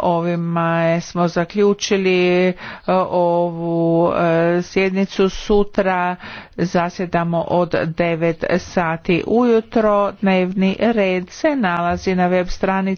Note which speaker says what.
Speaker 1: Ovima smo zaključili e, ovu e, sjednicu sutra. Zasjedamo od 9 sati ujutro. Dnevni red se nalazi na web stranici